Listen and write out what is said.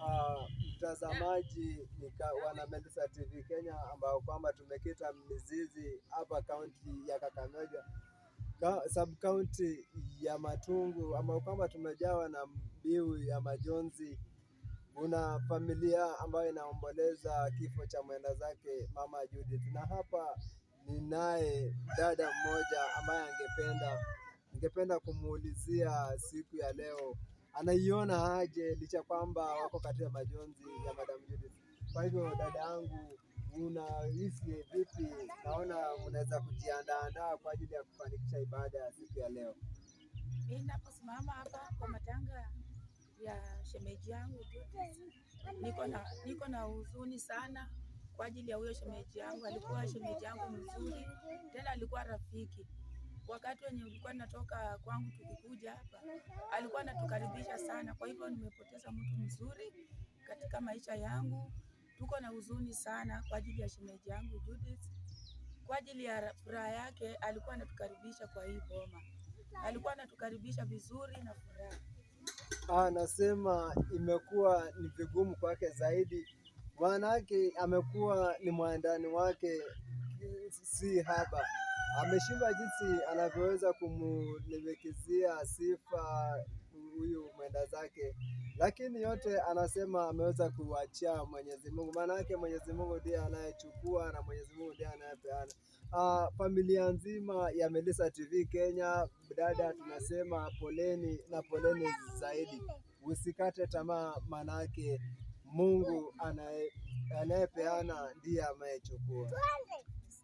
Ah, mtazamaji wana TV Kenya, ambao kwamba tumekita mizizi hapa kaunti ya Kakamega, sub county ya Matungu, ambao kwamba tumejawa na mbiu ya majonzi. Kuna familia ambayo inaomboleza kifo cha mwenda zake mama Judith, na hapa ninaye dada mmoja ambaye angependa ningependa kumuulizia siku ya leo anaiona aje licha kwamba wako kati ya majonzi ya Madam Judith. Kwa hivyo dada yangu, unahisi vipi? Naona unaweza kujiandaandaa kwa ajili ya kufanikisha ibada ya siku ya leo. naposimama hapa kwa matanga ya shemeji yangu niko na niko na huzuni sana kwa ajili ya huyo shemeji yangu. Alikuwa shemeji yangu mzuri, tena alikuwa rafiki wakati wenye ulikuwa natoka kwangu tukikuja hapa alikuwa anatukaribisha sana. Kwa hivyo nimepoteza mtu mzuri katika maisha yangu. Tuko na huzuni sana kwa ajili ya shemeji yangu Judith. Kwa ajili ya furaha yake alikuwa anatukaribisha kwa hii boma, alikuwa anatukaribisha vizuri na furaha. Ah, anasema imekuwa ni vigumu kwake zaidi, maanake amekuwa ni mwandani wake si haba, ameshindwa jinsi anavyoweza kumlimbikizia sifa huyu mwenda zake, lakini yote anasema ameweza kuachia Mwenyezi Mungu. Maana yake Mwenyezi Mungu ndiye anayechukua na Mwenyezi Mungu ndiye anayepeana. Uh, familia nzima ya Melissa TV Kenya, dada, tunasema poleni na poleni zaidi, usikate tamaa, manake Mungu anayepeana ndiye anayechukua.